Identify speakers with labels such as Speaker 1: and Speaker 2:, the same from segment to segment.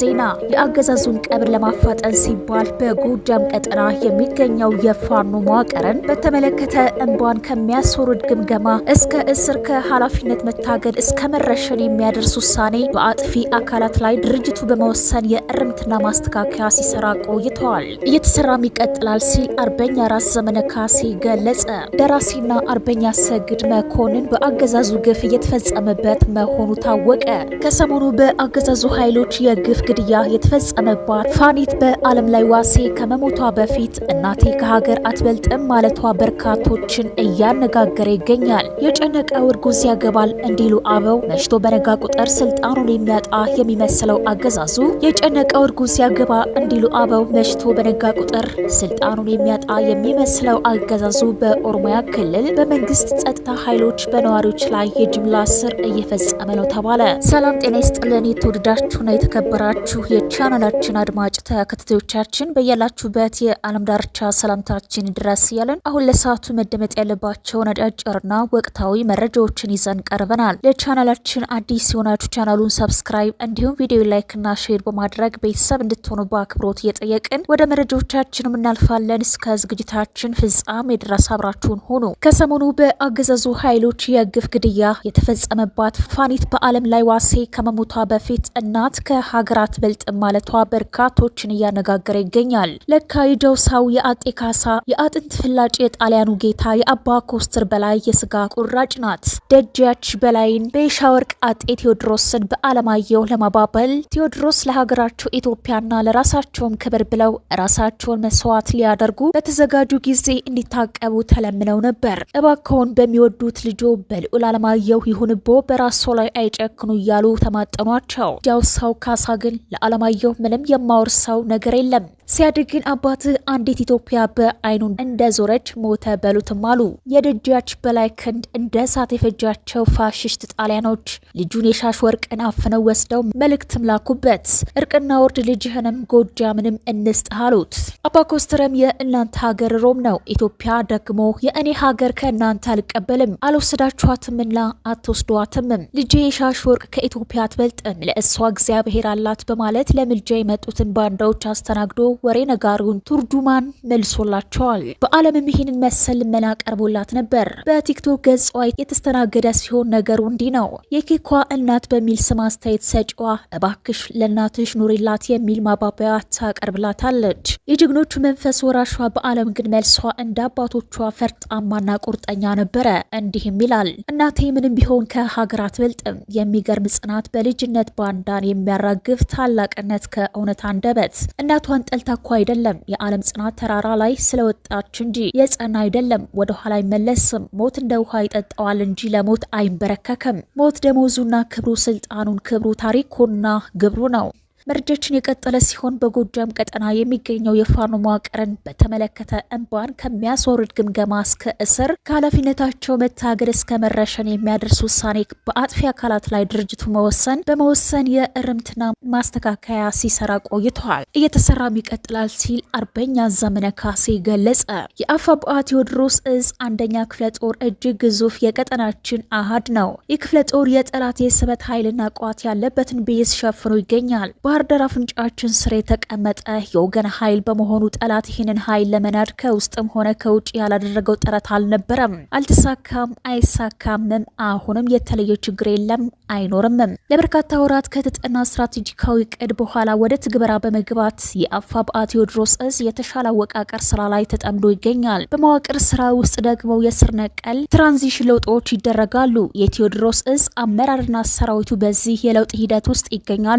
Speaker 1: ዜና የአገዛዙን ቀብር ለማፋጠን ሲባል በጎጃም ቀጠና የሚገኘው የፋኖ መዋቅርን በተመለከተ እንቧን ከሚያስወርድ ግምገማ እስከ እስር ከኃላፊነት መታገድ እስከ መረሸን የሚያደርስ ውሳኔ በአጥፊ አካላት ላይ ድርጅቱ በመወሰን የእርምትና ማስተካከያ ሲሰራ ቆይተዋል። እየተሰራም ይቀጥላል ሲል አርበኛ ራስ ዘመነ ካሴ ገለጸ። ደራሲና አርበኛ ሰግድ መኮንን በአገዛዙ ግፍ እየተፈጸመበት መሆኑ ታወቀ። ከሰሞኑ በአገዛዙ ኃይሎች የግፍ ግድያ የተፈጸመባት ፋኒት በዓለም ላይ ዋሴ ከመሞቷ በፊት እናቴ ከሀገር አትበልጥም ማለቷ በርካቶችን እያነጋገረ ይገኛል። የጨነቀ እርጉዝ ያገባል እንዲሉ አበው መሽቶ በነጋ ቁጥር ስልጣኑን የሚያጣ የሚመስለው አገዛዙ የጨነቀ እርጉዝ ያገባ እንዲሉ አበው መሽቶ በነጋ ቁጥር ስልጣኑን የሚያጣ የሚመስለው አገዛዙ በኦሮሚያ ክልል በመንግስት ጸጥታ ኃይሎች በነዋሪዎች ላይ የጅምላ ስር እየፈጸመ ነው ተባለ። ሰላም ጤና ይስጥልን የተወደዳችሁና የተከበራችሁ የተወደዳችሁ የቻናላችን አድማጭ ተከታታዮቻችን በያላችሁበት የዓለም ዳርቻ ሰላምታችን ድረስ ያለን አሁን ለሰዓቱ መደመጥ ያለባቸውን አጫጭርና ወቅታዊ መረጃዎችን ይዘን ቀርበናል። ለቻናላችን አዲስ የሆናችሁ ቻናሉን ሰብስክራይብ እንዲሁም ቪዲዮ ላይክና ሼር በማድረግ ቤተሰብ እንድትሆኑ በአክብሮት እየጠየቅን ወደ መረጃዎቻችንም እናልፋለን። እስከ ዝግጅታችን ፍጻሜ ድረስ አብራችሁን ሆኑ። ከሰሞኑ በአገዛዙ ኃይሎች የግፍ ግድያ የተፈጸመባት ፋኒት በዓለም ላይ ዋሴ ከመሞቷ በፊት እናት ከሀገራ አትበልጥም ማለቷ በርካቶችን እያነጋገረ ይገኛል። ለካ የደውሳው የአጤ ካሳ የአጥንት ፍላጭ የጣሊያኑ ጌታ የአባ ኮስተር በላይ የስጋ ቁራጭ ናት። ደጃች በላይን በሻ ወርቅ አጤ ቴዎድሮስን በአለማየሁ ለማባበል ቴዎድሮስ ለሀገራቸው ኢትዮጵያና ለራሳቸውም ክብር ብለው ራሳቸውን መስዋዕት ሊያደርጉ በተዘጋጁ ጊዜ እንዲታቀቡ ተለምነው ነበር። እባከውን በሚወዱት ልጆ በልዑል አለማየሁ ይሁንቦ በራሶ ላይ አይጨክኑ እያሉ ተማጠኗቸው። ዳውሳው ካሳ ግን ለአለማየሁ ምንም የማወርሰው ነገር የለም። ሲያድግ ግን አባትህ አንዲት ኢትዮጵያ በአይኑ እንደዞረች ሞተ በሉትም አሉ። የደጃች በላይ ክንድ እንደ እሳት የፈጃቸው ፋሽስት ጣሊያኖች ልጁን የሻሽ ወርቅን አፍነው ወስደው መልእክትም ላኩበት። እርቅና ወርድ ልጅህንም ጎጃምንም እንስጥህ አሉት። አባ ኮስተረም የእናንተ ሀገር ሮም ነው፣ ኢትዮጵያ ደግሞ የእኔ ሀገር ከእናንተ አልቀበልም፣ አልወስዳችኋትምና አትወስዷትምም። ልጄ የሻሽ ወርቅ ከኢትዮጵያ አትበልጥም፣ ለእሷ እግዚአብሔር አላት በማለት ለምልጃ የመጡትን ባንዳዎች አስተናግዶ ወሬ ነጋሪውን ቱርጁማን መልሶላቸዋል። በአለምም ይህንን መሰል ልመና ቀርቦላት ነበር። በቲክቶክ ገጿ የተስተናገደ ሲሆን ነገሩ እንዲህ ነው። የኬኳ እናት በሚል ስም አስተያየት ሰጪዋ እባክሽ ለእናትሽ ኑሪላት የሚል ማባበያ ታቀርብላታለች። የጀግኖቹ መንፈስ ወራሿ በአለም ግን መልሷ እንደ አባቶቿ ፈርጣማና ቁርጠኛ ነበረ። እንዲህም ይላል እናቴ ምንም ቢሆን ከሀገር አትበልጥም። የሚገርም ጽናት፣ በልጅነት ባንዳን የሚያራግፍ ታላቅነት ከእውነት አንደበት እናቷን ጠል ታኳ አይደለም የዓለም ጽናት ተራራ ላይ ስለወጣች እንጂ የጸና አይደለም። ወደ ኋላ አይመለስም። ሞት እንደ ውሃ ይጠጣዋል እንጂ ለሞት አይንበረከክም። ሞት ደሞዙና ክብሩ፣ ስልጣኑን ክብሩ፣ ታሪኩና ግብሩ ነው። መረጃችን የቀጠለ ሲሆን በጎጃም ቀጠና የሚገኘው የፋኖ መዋቅርን በተመለከተ እንባን ከሚያስወርድ ግምገማ እስከ እስር ከኃላፊነታቸው መታገድ እስከ መረሸን የሚያደርስ ውሳኔ በአጥፊ አካላት ላይ ድርጅቱ መወሰን በመወሰን የእርምትና ማስተካከያ ሲሰራ ቆይተዋል። እየተሰራም ይቀጥላል ሲል አርበኛ ዘመነ ካሴ ገለጸ። የአፋ ብአ ቴዎድሮስ እዝ አንደኛ ክፍለ ጦር እጅግ ግዙፍ የቀጠናችን አሃድ ነው። ይህ ክፍለ ጦር የጠላት የስበት ኃይልና ቋት ያለበትን ብይስ ሸፍኖ ይገኛል። የባህር ዳር አፍንጫችን ስር የተቀመጠ የወገን ኃይል በመሆኑ ጠላት ይህንን ኃይል ለመናድ ከውስጥም ሆነ ከውጭ ያላደረገው ጥረት አልነበረም። አልተሳካም፣ አይሳካምም። አሁንም የተለየ ችግር የለም፣ አይኖርምም። ለበርካታ ወራት ከተጠና ስትራቴጂካዊ ቅድ በኋላ ወደ ትግበራ በመግባት የአፋ ቴዎድሮስ እዝ የተሻለ አወቃቀር ስራ ላይ ተጠምዶ ይገኛል። በመዋቅር ስራ ውስጥ ደግሞ የስር ነቀል ትራንዚሽን ለውጦች ይደረጋሉ። የቴዎድሮስ እዝ አመራርና ሰራዊቱ በዚህ የለውጥ ሂደት ውስጥ ይገኛሉ።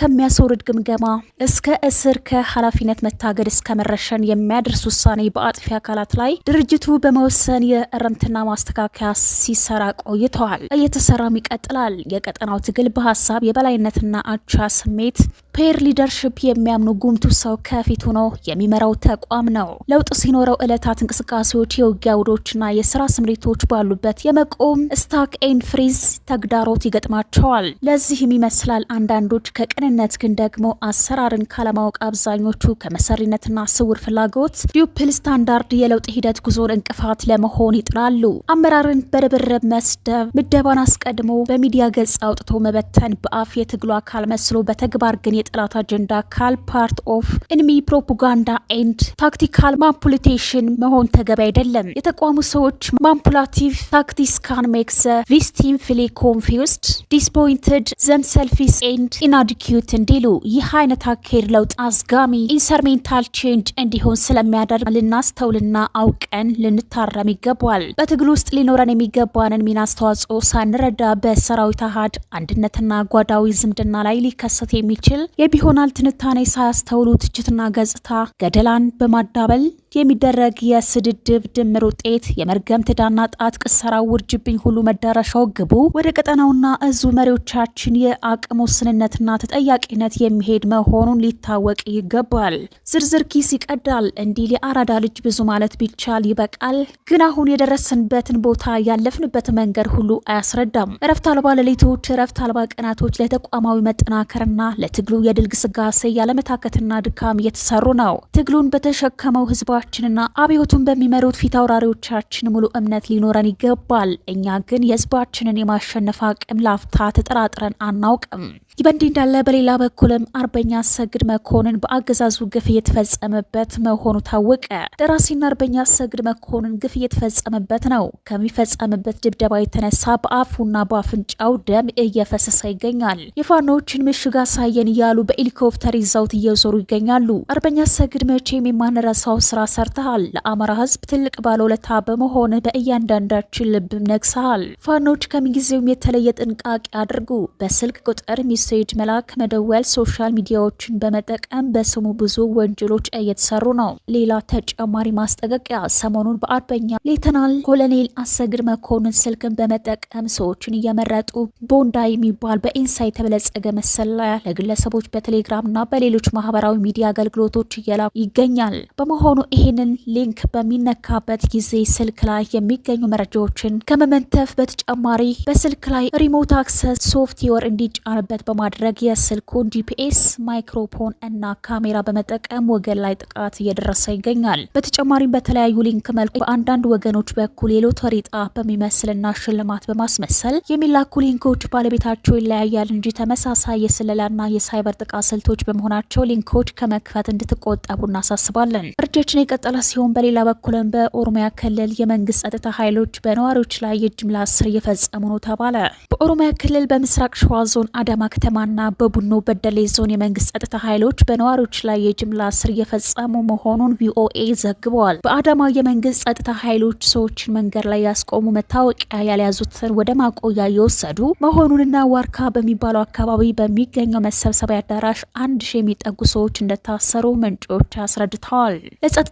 Speaker 1: ከ የሚያሰውርድ ግምገማ እስከ እስር ከኃላፊነት መታገድ እስከ መረሸን የሚያደርስ ውሳኔ በአጥፊ አካላት ላይ ድርጅቱ በመወሰን የእረምትና ማስተካከያ ሲሰራ ቆይተዋል። እየተሰራም ይቀጥላል። የቀጠናው ትግል በሀሳብ የበላይነትና አቻ ስሜት ፔር ሊደርሽፕ የሚያምኑ ጉምቱ ሰው ከፊት ሆኖ የሚመራው ተቋም ነው። ለውጥ ሲኖረው ዕለታት እንቅስቃሴዎች፣ የውጊያ ውዶችና የስራ ስምሪቶች ባሉበት የመቆም ስታክ ኤን ፍሪዝ ተግዳሮት ይገጥማቸዋል። ለዚህም ይመስላል አንዳንዶች ከቅንነት በዋናነት ግን ደግሞ አሰራርን ካለማወቅ አብዛኞቹ ከመሰሪነትና ስውር ፍላጎት ዲዩፕል ስታንዳርድ የለውጥ ሂደት ጉዞን እንቅፋት ለመሆን ይጥራሉ። አመራርን በርብርብ መስደብ፣ ምደባን አስቀድሞ በሚዲያ ገጽ አውጥቶ መበተን በአፍ የትግሉ አካል መስሎ በተግባር ግን የጠላት አጀንዳ አካል ፓርት ኦፍ ኤንሚ ፕሮፓጋንዳ ኤንድ ታክቲካል ማምፑሌቴሽን መሆን ተገቢ አይደለም። የተቋሙ ሰዎች ማምፑላቲቭ ታክቲስ ካን ዘ ቪስቲም ፊሌ ኮንፊውስድ ዲስፖይንትድ ዘምሰልፊስ ኤንድ ኢናዲኪዩት ያሉት እንዲሉ ይህ አይነት አካሄድ ለውጥ አዝጋሚ ኢንሰርሜንታል ቼንጅ እንዲሆን ስለሚያደርግ ልናስተውልና አውቀን ልንታረም ይገባል። በትግል ውስጥ ሊኖረን የሚገባንን ሚና አስተዋጽኦ ሳንረዳ በሰራዊት አሃድ አንድነትና ጓዳዊ ዝምድና ላይ ሊከሰት የሚችል የቢሆናል ትንታኔ ሳያስተውሉ ትችትና ገጽታ ገደላን በማዳበል የሚደረግ የስድድብ ድምር ውጤት የመርገም ትዳና ጣት ቅሰራ ውርጅብኝ ሁሉ መዳረሻው ግቡ ወደ ቀጠናውና እዙ መሪዎቻችን የአቅም ውስንነትና ተጠያቂነት የሚሄድ መሆኑን ሊታወቅ ይገባል። ዝርዝር ኪስ ይቀዳል። እንዲህ የአራዳ ልጅ ብዙ ማለት ቢቻል ይበቃል። ግን አሁን የደረስንበትን ቦታ ያለፍንበት መንገድ ሁሉ አያስረዳም። እረፍት አልባ ሌሊቶች፣ እረፍት አልባ ቀናቶች ለተቋማዊ መጠናከርና ለትግሉ የድል ግስጋሴ ያለመታከትና ድካም እየተሰሩ ነው። ትግሉን በተሸከመው ህዝባ በህዝባችንና አብዮቱን በሚመሩት ፊት አውራሪዎቻችን ሙሉ እምነት ሊኖረን ይገባል። እኛ ግን የህዝባችንን የማሸነፍ አቅም ላፍታ ተጠራጥረን አናውቅም። ይህ በእንዲህ እንዳለ በሌላ በኩልም አርበኛ አሰግድ መኮንን በአገዛዙ ግፍ እየተፈጸመበት መሆኑ ታወቀ። ደራሲና አርበኛ አሰግድ መኮንን ግፍ እየተፈጸመበት ነው። ከሚፈጸምበት ድብደባ የተነሳ በአፉና በአፍንጫው ደም እየፈሰሰ ይገኛል። የፋኖዎችን ምሽግ አሳየን እያሉ በሄሊኮፕተር ይዘውት እየዞሩ ይገኛሉ። አርበኛ አሰግድ መቼም የማንረሳው ስራ ሰርተሃል። ለአማራ ሕዝብ ትልቅ ባለውለታ በመሆን በእያንዳንዳችን ልብ ነግሰሃል። ፋኖች ከምንጊዜውም የተለየ ጥንቃቄ አድርጉ። በስልክ ቁጥር፣ ሚሴጅ መላክ፣ መደወል፣ ሶሻል ሚዲያዎችን በመጠቀም በስሙ ብዙ ወንጀሎች እየተሰሩ ነው። ሌላ ተጨማሪ ማስጠንቀቂያ ሰሞኑን በአርበኛ ሌተናል ኮሎኔል አሰግድ መኮንን ስልክን በመጠቀም ሰዎችን እየመረጡ ቦንዳ የሚባል በኢንሳ የተበለጸገ መሰላያ ለግለሰቦች በቴሌግራም እና በሌሎች ማህበራዊ ሚዲያ አገልግሎቶች እየላ ይገኛል። በመሆኑ ይህንን ሊንክ በሚነካበት ጊዜ ስልክ ላይ የሚገኙ መረጃዎችን ከመመንተፍ በተጨማሪ በስልክ ላይ ሪሞት አክሰስ ሶፍትዌር እንዲጫንበት በማድረግ የስልኩን ጂፒኤስ፣ ማይክሮፎን እና ካሜራ በመጠቀም ወገን ላይ ጥቃት እየደረሰ ይገኛል። በተጨማሪም በተለያዩ ሊንክ መልኩ በአንዳንድ ወገኖች በኩል የሎተሪ ዕጣ በሚመስልና ሽልማት በማስመሰል የሚላኩ ሊንኮች ባለቤታቸው ይለያያል እንጂ ተመሳሳይ የስለላና የሳይበር ጥቃት ስልቶች በመሆናቸው ሊንኮች ከመክፈት እንድትቆጠቡ እናሳስባለን። እርጃችን የቀጠለ ሲሆን በሌላ በኩልም በኦሮሚያ ክልል የመንግስት ጸጥታ ኃይሎች በነዋሪዎች ላይ የጅምላ እስር እየፈጸሙ ነው ተባለ። በኦሮሚያ ክልል በምስራቅ ሸዋ ዞን አዳማ ከተማና በቡኖ በደሌ ዞን የመንግስት ጸጥታ ኃይሎች በነዋሪዎች ላይ የጅምላ እስር እየፈጸሙ መሆኑን ቪኦኤ ዘግበዋል። በአዳማ የመንግስት ጸጥታ ኃይሎች ሰዎችን መንገድ ላይ ያስቆሙ፣ መታወቂያ ያልያዙትን ወደ ማቆያ እየወሰዱ መሆኑንና ዋርካ በሚባለው አካባቢ በሚገኘው መሰብሰቢያ አዳራሽ አንድ ሺ የሚጠጉ ሰዎች እንደታሰሩ ምንጮች አስረድተዋል።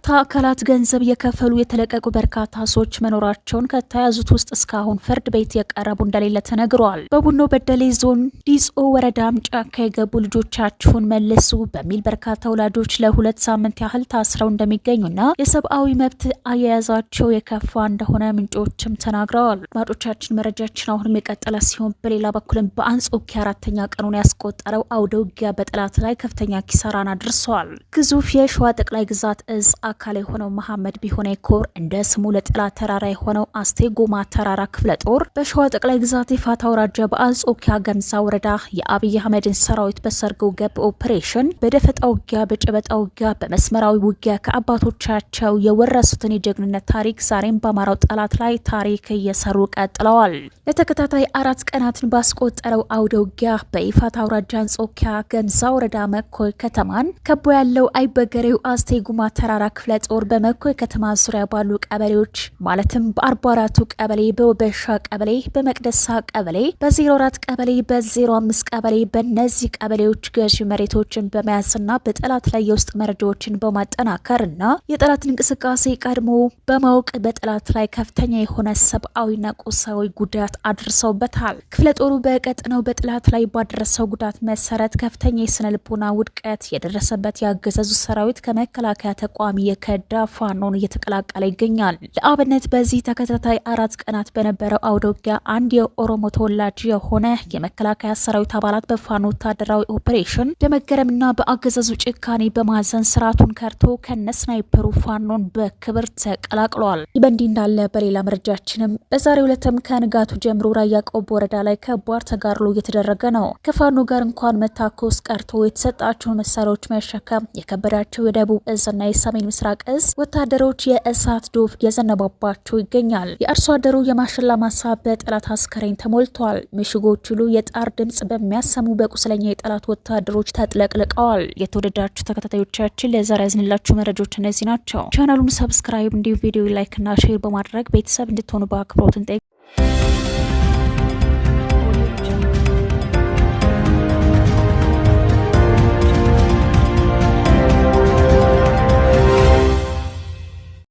Speaker 1: ለጸጥታ አካላት ገንዘብ የከፈሉ የተለቀቁ በርካታ ሰዎች መኖራቸውን ከተያዙት ውስጥ እስካሁን ፍርድ ቤት የቀረቡ እንደሌለ ተነግረዋል። በቡኖ በደሌ ዞን ዲጾ ወረዳም ጫካ የገቡ ልጆቻችሁን መልሱ በሚል በርካታ ወላጆች ለሁለት ሳምንት ያህል ታስረው እንደሚገኙና የሰብአዊ መብት አያያዛቸው የከፋ እንደሆነ ምንጮችም ተናግረዋል። አድማጮቻችን መረጃችን አሁንም የቀጠለ ሲሆን በሌላ በኩልም በአንጾኪያ አራተኛ ቀኑን ያስቆጠረው አውደ ውጊያ በጠላት ላይ ከፍተኛ ኪሳራን አድርሰዋል። ግዙፍ የሸዋ ጠቅላይ ግዛት እዝ አካል የሆነው መሐመድ ቢሆነ ኮር እንደ ስሙ ለጠላት ተራራ የሆነው አስቴ ጎማ ተራራ ክፍለ ጦር በሸዋ ጠቅላይ ግዛት የፋታ አውራጃ በአንጾኪያ ገምዛ ወረዳ የአብይ አህመድን ሰራዊት በሰርገው ገብ ኦፕሬሽን በደፈጣ ውጊያ፣ በጨበጣ ውጊያ፣ በመስመራዊ ውጊያ ከአባቶቻቸው የወረሱትን የጀግንነት ታሪክ ዛሬም በአማራው ጠላት ላይ ታሪክ እየሰሩ ቀጥለዋል። ለተከታታይ አራት ቀናትን ባስቆጠረው አውደ ውጊያ በይፋታ አውራጃ አንጾኪያ ገምዛ ወረዳ መኮይ ከተማን ከቦ ያለው አይበገሬው አስቴ ጉማ ተራራ ክፍለ ጦር በመኮይ ከተማ ዙሪያ ባሉ ቀበሌዎች ማለትም በ44ቱ ቀበሌ፣ በውበሻ ቀበሌ፣ በመቅደሳ ቀበሌ፣ በ04 ቀበሌ፣ በ05 ቀበሌ በእነዚህ ቀበሌዎች ገዢ መሬቶችን በመያዝና በጠላት ላይ የውስጥ መረጃዎችን በማጠናከር እና የጠላት እንቅስቃሴ ቀድሞ በማወቅ በጠላት ላይ ከፍተኛ የሆነ ሰብአዊና ቁሳዊ ጉዳት አድርሰውበታል። ክፍለ ጦሩ በቀጥነው በጠላት ላይ ባደረሰው ጉዳት መሰረት ከፍተኛ የስነ ልቦና ውድቀት የደረሰበት ያገዘዙ ሰራዊት ከመከላከያ ተቋሚ እየከዳ ፋኖን እየተቀላቀለ ይገኛል። ለአብነት በዚህ ተከታታይ አራት ቀናት በነበረው አውዶጊያ አንድ የኦሮሞ ተወላጅ የሆነ የመከላከያ ሰራዊት አባላት በፋኖ ወታደራዊ ኦፕሬሽን በመገረምና በአገዛዙ ጭካኔ በማዘን ስርዓቱን ከርቶ ከነስናይፐሩ ፋኖን በክብር ተቀላቅሏል። ይህ በእንዲህ እንዳለ በሌላ መረጃችንም በዛሬው ዕለትም ከንጋቱ ጀምሮ ራያ ቆቦ ወረዳ ላይ ከባድ ተጋድሎ እየተደረገ ነው። ከፋኖ ጋር እንኳን መታኮስ ቀርቶ የተሰጣቸውን መሳሪያዎች መሸከም የከበዳቸው የደቡብ እዝና የሰሜን ምስራቅ እዝ ወታደሮች የእሳት ዶፍ የዘነባባቸው ይገኛል። የአርሶ አደሩ የማሽላ ማሳ በጠላት አስከሬን ተሞልቷል። ምሽጎች ሁሉ የጣር ድምጽ በሚያሰሙ በቁስለኛ የጠላት ወታደሮች ተጥለቅልቀዋል። የተወደዳችሁ ተከታታዮቻችን ለዛሬ ያዝንላችሁ መረጃዎች እነዚህ ናቸው። ቻናሉን ሰብስክራይብ እንዲሁም ቪዲዮ ላይክና ሼር በማድረግ ቤተሰብ እንድትሆኑ በአክብሮት እንጠይቃለን።